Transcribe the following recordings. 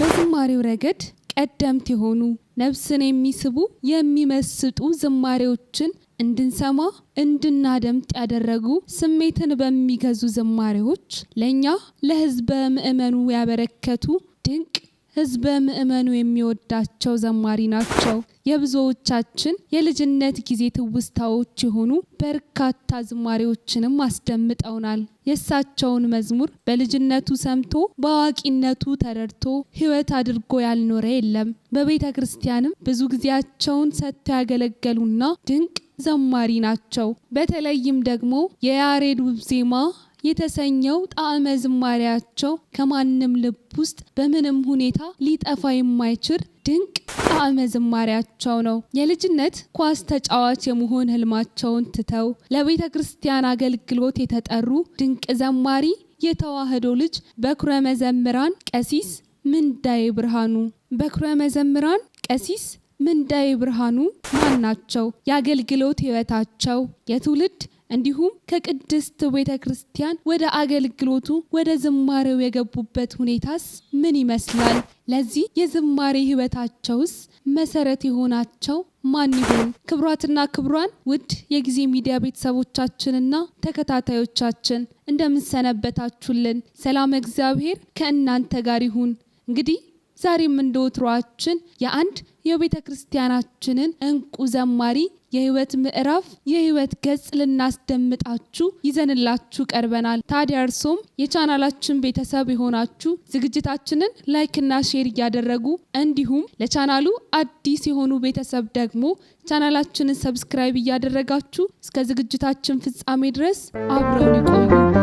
በዝማሬው ረገድ ቀደምት የሆኑ ነፍስን የሚስቡ የሚመስጡ ዝማሬዎችን እንድንሰማ እንድናደምጥ ያደረጉ ስሜትን በሚገዙ ዝማሬዎች ለእኛ ለህዝበ ምእመኑ ያበረከቱ ድንቅ ህዝበ ምእመኑ የሚወዳቸው ዘማሪ ናቸው። የብዙዎቻችን የልጅነት ጊዜ ትውስታዎች የሆኑ በርካታ ዝማሬዎችንም አስደምጠውናል። የእሳቸውን መዝሙር በልጅነቱ ሰምቶ በአዋቂነቱ ተረድቶ ህይወት አድርጎ ያልኖረ የለም። በቤተ ክርስቲያንም ብዙ ጊዜያቸውን ሰጥተው ያገለገሉና ድንቅ ዘማሪ ናቸው። በተለይም ደግሞ የያሬዱ ዜማ የተሰኘው ጣዕመ ዝማሪያቸው ከማንም ልብ ውስጥ በምንም ሁኔታ ሊጠፋ የማይችል ድንቅ ጣዕመ ዝማሪያቸው ነው። የልጅነት ኳስ ተጫዋች የመሆን ህልማቸውን ትተው ለቤተ ክርስቲያን አገልግሎት የተጠሩ ድንቅ ዘማሪ የተዋህዶ ልጅ በኩረ መዘምራን ቀሲስ ምንዳዬ ብርሃኑ። በኩረ መዘምራን ቀሲስ ምንዳዬ ብርሃኑ ማን ናቸው? የአገልግሎት ህይወታቸው፣ የትውልድ እንዲሁም ከቅድስት ቤተ ክርስቲያን ወደ አገልግሎቱ ወደ ዝማሬው የገቡበት ሁኔታስ ምን ይመስላል? ለዚህ የዝማሬ ህይወታቸውስ መሰረት የሆናቸው ማን ይሆን? ክብሯትና ክብሯን ውድ የጊዜ ሚዲያ ቤተሰቦቻችንና ተከታታዮቻችን እንደምንሰነበታችሁልን፣ ሰላም እግዚአብሔር ከእናንተ ጋር ይሁን። እንግዲህ ዛሬም እንደ ወትሯችን የአንድ የቤተ ክርስቲያናችንን እንቁ ዘማሪ የህይወት ምዕራፍ የህይወት ገጽ ልናስደምጣችሁ ይዘንላችሁ ቀርበናል። ታዲያ እርሶም የቻናላችን ቤተሰብ የሆናችሁ ዝግጅታችንን ላይክና ሼር እያደረጉ እንዲሁም ለቻናሉ አዲስ የሆኑ ቤተሰብ ደግሞ ቻናላችንን ሰብስክራይብ እያደረጋችሁ እስከ ዝግጅታችን ፍጻሜ ድረስ አብረው ይቆዩ።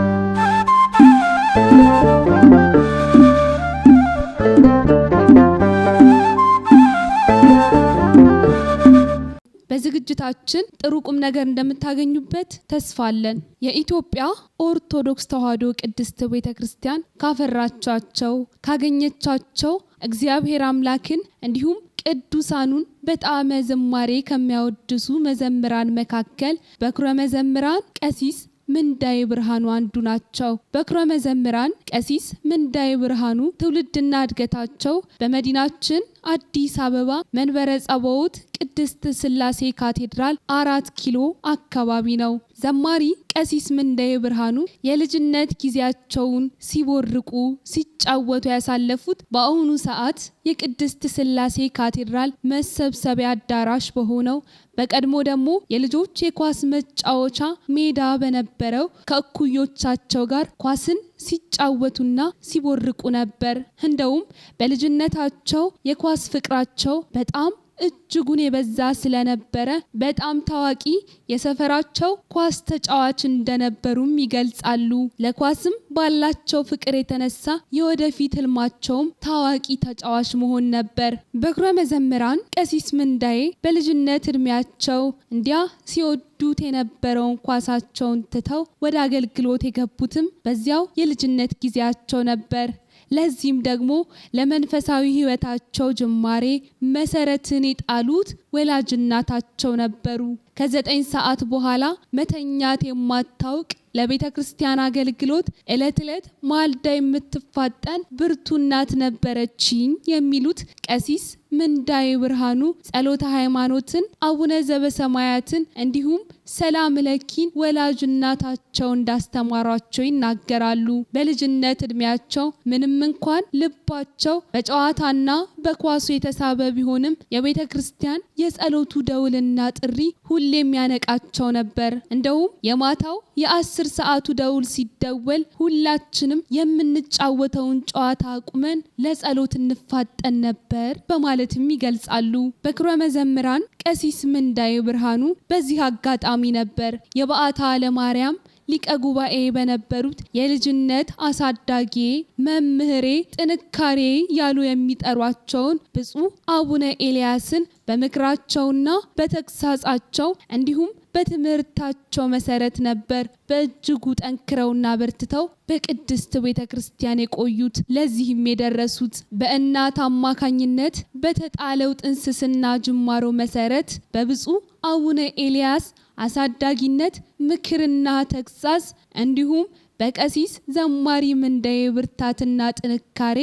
ዝግጅታችን ጥሩ ቁም ነገር እንደምታገኙበት ተስፋ አለን። የኢትዮጵያ ኦርቶዶክስ ተዋሕዶ ቅድስት ቤተ ክርስቲያን ካፈራቻቸው ካገኘቻቸው እግዚአብሔር አምላክን እንዲሁም ቅዱሳኑን በጣዕመ ዝማሬ ከሚያወድሱ መዘምራን መካከል በኩረ መዘምራን ቀሲስ ምንዳይ ብርሃኑ አንዱ ናቸው። በኩረ መዘምራን ቀሲስ ምንዳይ ብርሃኑ ትውልድና እድገታቸው በመዲናችን አዲስ አበባ መንበረ ጸባዖት ቅድስት ስላሴ ካቴድራል አራት ኪሎ አካባቢ ነው። ዘማሪ ቀሲስ ምንዳዬ ብርሃኑ የልጅነት ጊዜያቸውን ሲቦርቁ ሲጫወቱ ያሳለፉት በአሁኑ ሰዓት የቅድስት ስላሴ ካቴድራል መሰብሰቢያ አዳራሽ በሆነው በቀድሞ ደግሞ የልጆች የኳስ መጫወቻ ሜዳ በነበረው ከእኩዮቻቸው ጋር ኳስን ሲጫወቱና ሲቦርቁ ነበር። እንደውም በልጅነታቸው የኳስ ፍቅራቸው በጣም እጅጉን የበዛ ስለነበረ በጣም ታዋቂ የሰፈራቸው ኳስ ተጫዋች እንደነበሩም ይገልጻሉ። ለኳስም ባላቸው ፍቅር የተነሳ የወደፊት ህልማቸውም ታዋቂ ተጫዋች መሆን ነበር። በኩረ መዘምራን ቀሲስ ምንዳዬ በልጅነት እድሜያቸው እንዲያ ሲወዱት የነበረውን ኳሳቸውን ትተው ወደ አገልግሎት የገቡትም በዚያው የልጅነት ጊዜያቸው ነበር። ለዚህም ደግሞ ለመንፈሳዊ ህይወታቸው ጅማሬ መሰረትን የጣሉት ወላጅናታቸው ነበሩ። ከዘጠኝ ሰዓት በኋላ መተኛት የማታውቅ ለቤተ ክርስቲያን አገልግሎት እለት ዕለት ማልዳ የምትፋጠን ብርቱ እናት ነበረችኝ የሚሉት ቀሲስ ምንዳይ ብርሃኑ ጸሎተ ሃይማኖትን አቡነ ዘበሰማያትን እንዲሁም ሰላም ለኪን ወላጅ እናታቸው እንዳስተማሯቸው ይናገራሉ። በልጅነት እድሜያቸው ምንም እንኳን ልባቸው በጨዋታና በኳሱ የተሳበ ቢሆንም የቤተ ክርስቲያን የጸሎቱ ደውልና ጥሪ ሁሌም ያነቃቸው ነበር። እንደውም የማታው የአስር የአስር ሰዓቱ ደውል ሲደወል ሁላችንም የምንጫወተውን ጨዋታ አቁመን ለጸሎት እንፋጠን ነበር በማለትም ይገልጻሉ። በክረ መዘምራን ቀሲስ ምንዳዬ ብርሃኑ በዚህ አጋጣሚ ነበር የበዓታ ለማርያም ሊቀ ጉባኤ በነበሩት የልጅነት አሳዳጌ መምህሬ ጥንካሬ ያሉ የሚጠሯቸውን ብፁዕ አቡነ ኤልያስን በምክራቸውና በተግሳጻቸው እንዲሁም በትምህርታቸው መሰረት ነበር በእጅጉ ጠንክረውና በርትተው በቅድስት ቤተ ክርስቲያን የቆዩት። ለዚህም የደረሱት በእናት አማካኝነት በተጣለው ጥንስስና ጅማሮ መሰረት በብፁዕ አቡነ ኤልያስ አሳዳጊነት ምክርና ተግሳጽ እንዲሁም በቀሲስ ዘማሪ ምንዳዬ ብርታትና ጥንካሬ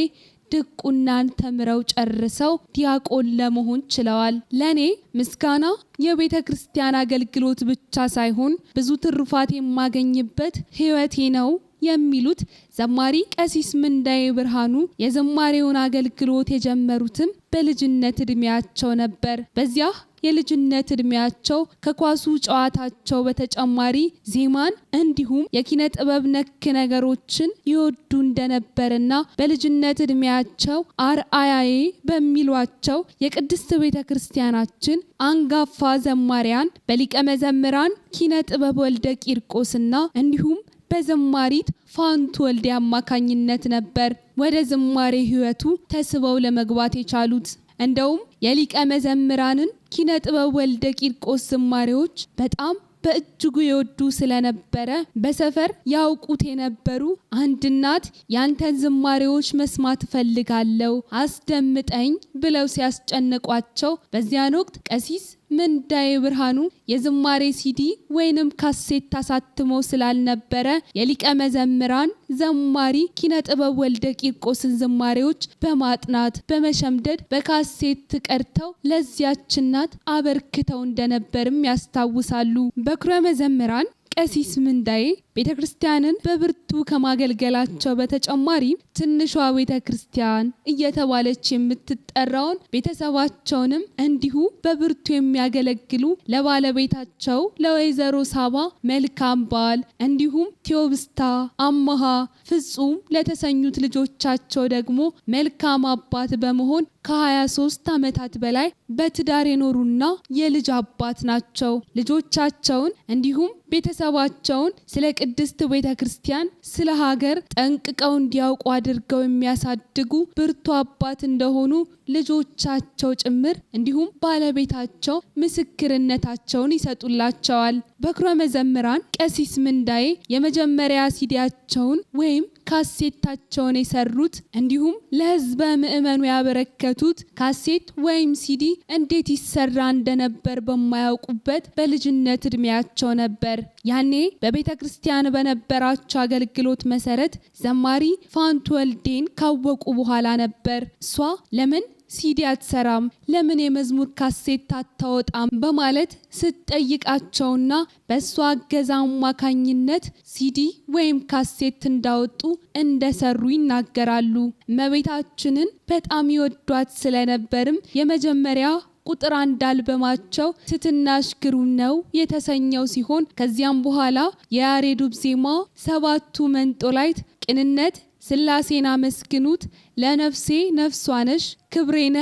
ድቁናን ተምረው ጨርሰው ዲያቆን ለመሆን ችለዋል። ለኔ ምስጋና የቤተ ክርስቲያን አገልግሎት ብቻ ሳይሆን ብዙ ትሩፋት የማገኝበት ህይወቴ ነው የሚሉት ዘማሪ ቀሲስ ምንዳይ ብርሃኑ የዘማሪውን አገልግሎት የጀመሩትም በልጅነት እድሜያቸው ነበር። በዚያ የልጅነት እድሜያቸው ከኳሱ ጨዋታቸው በተጨማሪ ዜማን እንዲሁም የኪነ ጥበብ ነክ ነገሮችን ይወዱ እንደነበርና በልጅነት እድሜያቸው አርአያዬ በሚሏቸው የቅድስት ቤተ ክርስቲያናችን አንጋፋ ዘማሪያን በሊቀ መዘምራን ኪነ ጥበብ ወልደ ቂርቆስና እንዲሁም በዘማሪት ፋንቱ ወልዴ አማካኝነት ነበር ወደ ዝማሬ ህይወቱ ተስበው ለመግባት የቻሉት። እንደውም የሊቀ መዘምራንን ኪነ ጥበብ ወልደ ቂርቆስ ዝማሬዎች በጣም በእጅጉ የወዱ ስለነበረ በሰፈር ያውቁት የነበሩ አንድ እናት ያንተን ዝማሬዎች መስማት እፈልጋለሁ አስደምጠኝ ብለው ሲያስጨንቋቸው በዚያን ወቅት ቀሲስ ምንዳዬ ብርሃኑ የዝማሬ ሲዲ ወይንም ካሴት ታሳትሞ ስላልነበረ የሊቀ መዘምራን ዘማሪ ኪነ ጥበብ ወልደ ቂርቆስን ዝማሬዎች በማጥናት በመሸምደድ በካሴት ቀድተው ለዚያች እናት አበርክተው እንደነበርም ያስታውሳሉ። በኩረ መዘምራን ቀሲስ ምንዳዬ ቤተ ክርስቲያንን በብርቱ ከማገልገላቸው በተጨማሪ ትንሿ ቤተ ክርስቲያን እየተባለች የምትጠራውን ቤተሰባቸውንም እንዲሁ በብርቱ የሚያገለግሉ ለባለቤታቸው ለወይዘሮ ሳባ መልካም ባል እንዲሁም ቴዎብስታ አመሃ ፍጹም ለተሰኙት ልጆቻቸው ደግሞ መልካም አባት በመሆን ከ23 ዓመታት በላይ በትዳር የኖሩና የልጅ አባት ናቸው። ልጆቻቸውን እንዲሁም ቤተሰባቸውን ስለ ቅድስት ቤተ ክርስቲያን ስለ ሀገር ጠንቅቀው እንዲያውቁ አድርገው የሚያሳድጉ ብርቱ አባት እንደሆኑ ልጆቻቸው ጭምር እንዲሁም ባለቤታቸው ምስክርነታቸውን ይሰጡላቸዋል። በኩረ መዘምራን ቀሲስ ምንዳዬ የመጀመሪያ ሲዲያቸውን ወይም ካሴታቸውን የሰሩት እንዲሁም ለሕዝበ ምዕመኑ ያበረከቱት ካሴት ወይም ሲዲ እንዴት ይሰራ እንደነበር በማያውቁበት በልጅነት እድሜያቸው ነበር። ያኔ በቤተ ክርስቲያን ክርስቲያን በነበራቸው አገልግሎት መሰረት ዘማሪ ፋንቱ ወልዴን ካወቁ በኋላ ነበር እሷ ለምን ሲዲ አትሰራም፣ ለምን የመዝሙር ካሴት አታወጣም በማለት ስትጠይቃቸውና በእሷ እገዛ አማካኝነት ሲዲ ወይም ካሴት እንዳወጡ እንደሰሩ ይናገራሉ። እመቤታችንን በጣም ይወዷት ስለነበርም የመጀመሪያ ቁጥር አንድ አልበማቸው ትትናሽ ግሩም ነው የተሰኘው ሲሆን ከዚያም በኋላ የያሬዱብ ዜማ ሰባቱ መንጦላይት ቅንነት፣ ስላሴን አመስግኑት፣ ለነፍሴ ነፍሷነሽ ክብሬነ፣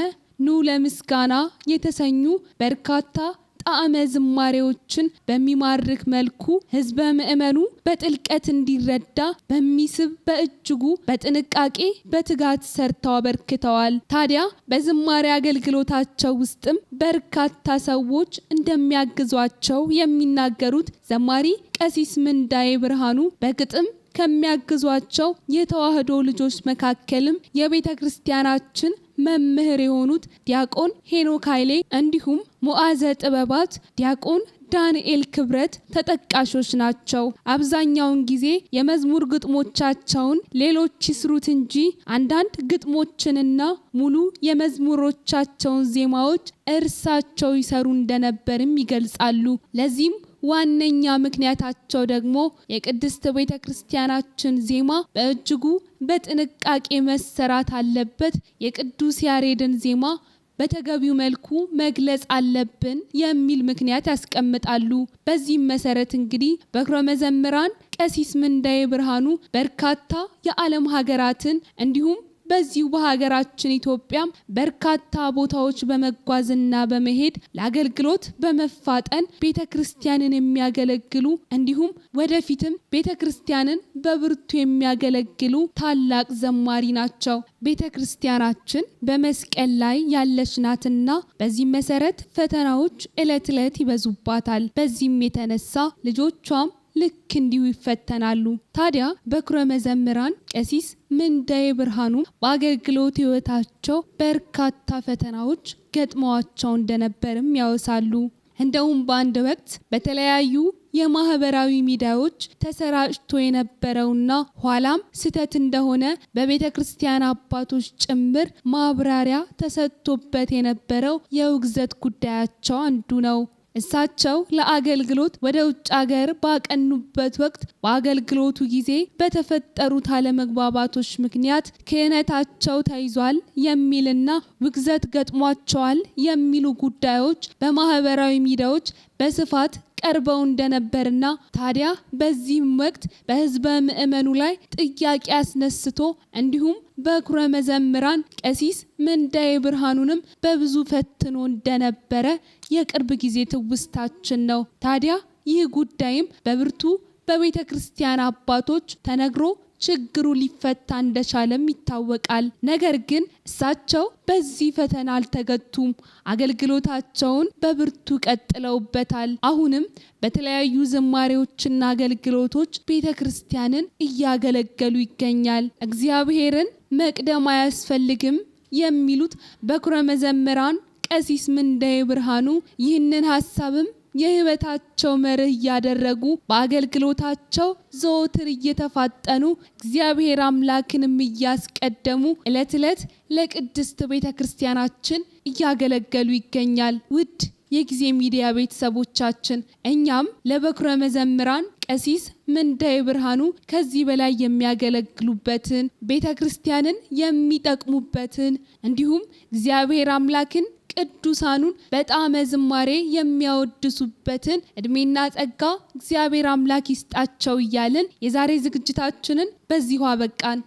ኑ ለምስጋና የተሰኙ በርካታ ጣዕመ ዝማሬዎችን በሚማርክ መልኩ ህዝበ ምዕመኑ በጥልቀት እንዲረዳ በሚስብ በእጅጉ በጥንቃቄ በትጋት ሰርተው አበርክተዋል። ታዲያ በዝማሬ አገልግሎታቸው ውስጥም በርካታ ሰዎች እንደሚያግዟቸው የሚናገሩት ዘማሪ ቀሲስ ምንዳዬ ብርሃኑ በግጥም ከሚያግዟቸው የተዋህዶ ልጆች መካከልም የቤተ ክርስቲያናችን መምህር የሆኑት ዲያቆን ሄኖክ ኃይሌ እንዲሁም ሞዓዘ ጥበባት ዲያቆን ዳንኤል ክብረት ተጠቃሾች ናቸው። አብዛኛውን ጊዜ የመዝሙር ግጥሞቻቸውን ሌሎች ይስሩት እንጂ አንዳንድ ግጥሞችንና ሙሉ የመዝሙሮቻቸውን ዜማዎች እርሳቸው ይሰሩ እንደነበርም ይገልጻሉ። ለዚህም ዋነኛ ምክንያታቸው ደግሞ የቅድስት ቤተ ክርስቲያናችን ዜማ በእጅጉ በጥንቃቄ መሰራት አለበት፣ የቅዱስ ያሬድን ዜማ በተገቢው መልኩ መግለጽ አለብን የሚል ምክንያት ያስቀምጣሉ። በዚህም መሰረት እንግዲህ በኩረ መዘምራን ቀሲስ ምንዳዬ ብርሃኑ በርካታ የዓለም ሀገራትን እንዲሁም በዚሁ በሀገራችን ኢትዮጵያም በርካታ ቦታዎች በመጓዝና በመሄድ ለአገልግሎት በመፋጠን ቤተ ክርስቲያንን የሚያገለግሉ እንዲሁም ወደፊትም ቤተ ክርስቲያንን በብርቱ የሚያገለግሉ ታላቅ ዘማሪ ናቸው። ቤተ ክርስቲያናችን በመስቀል ላይ ያለች ናትና በዚህ መሰረት ፈተናዎች እለት ዕለት ይበዙባታል። በዚህም የተነሳ ልጆቿም ልክ እንዲሁ ይፈተናሉ። ታዲያ በኩረ መዘምራን ቀሲስ ምንዳዬ ብርሃኑ በአገልግሎት ህይወታቸው በርካታ ፈተናዎች ገጥመዋቸው እንደነበርም ያወሳሉ። እንደውም በአንድ ወቅት በተለያዩ የማህበራዊ ሚዲያዎች ተሰራጭቶ የነበረውና ኋላም ስህተት እንደሆነ በቤተ ክርስቲያን አባቶች ጭምር ማብራሪያ ተሰጥቶበት የነበረው የውግዘት ጉዳያቸው አንዱ ነው። እሳቸው ለአገልግሎት ወደ ውጭ አገር ባቀኑበት ወቅት በአገልግሎቱ ጊዜ በተፈጠሩት አለመግባባቶች ምክንያት ክህነታቸው ተይዟል የሚልና ውግዘት ገጥሟቸዋል የሚሉ ጉዳዮች በማህበራዊ ሚዲያዎች በስፋት ቀርበው እንደነበርና ታዲያ በዚህም ወቅት በህዝበ ምእመኑ ላይ ጥያቄ አስነስቶ እንዲሁም በኩረ መዘምራን ቀሲስ ምንዳይ ብርሃኑንም በብዙ ፈትኖ እንደነበረ የቅርብ ጊዜ ትውስታችን ነው። ታዲያ ይህ ጉዳይም በብርቱ በቤተ ክርስቲያን አባቶች ተነግሮ ችግሩ ሊፈታ እንደቻለም ይታወቃል። ነገር ግን እሳቸው በዚህ ፈተና አልተገቱም። አገልግሎታቸውን በብርቱ ቀጥለውበታል። አሁንም በተለያዩ ዝማሬዎችና አገልግሎቶች ቤተ ክርስቲያንን እያገለገሉ ይገኛል። እግዚአብሔርን መቅደም አያስፈልግም የሚሉት በኩረ መዘምራን ቀሲስ ምንዳዬ ብርሃኑ ይህንን ሀሳብም የህይወታቸው መርህ እያደረጉ በአገልግሎታቸው ዘወትር እየተፋጠኑ እግዚአብሔር አምላክንም እያስቀደሙ ዕለት ዕለት ለቅድስት ቤተ ክርስቲያናችን እያገለገሉ ይገኛል። ውድ የጊዜ ሚዲያ ቤተሰቦቻችን እኛም ለበኩረ መዘምራን ቀሲስ ምንዳይ ብርሃኑ ከዚህ በላይ የሚያገለግሉበትን ቤተ ክርስቲያንን የሚጠቅሙበትን እንዲሁም እግዚአብሔር አምላክን ቅዱሳኑን በጣም ዝማሬ የሚያወድሱበትን እድሜና ጸጋ እግዚአብሔር አምላክ ይስጣቸው እያልን የዛሬ ዝግጅታችንን በዚሁ አበቃን።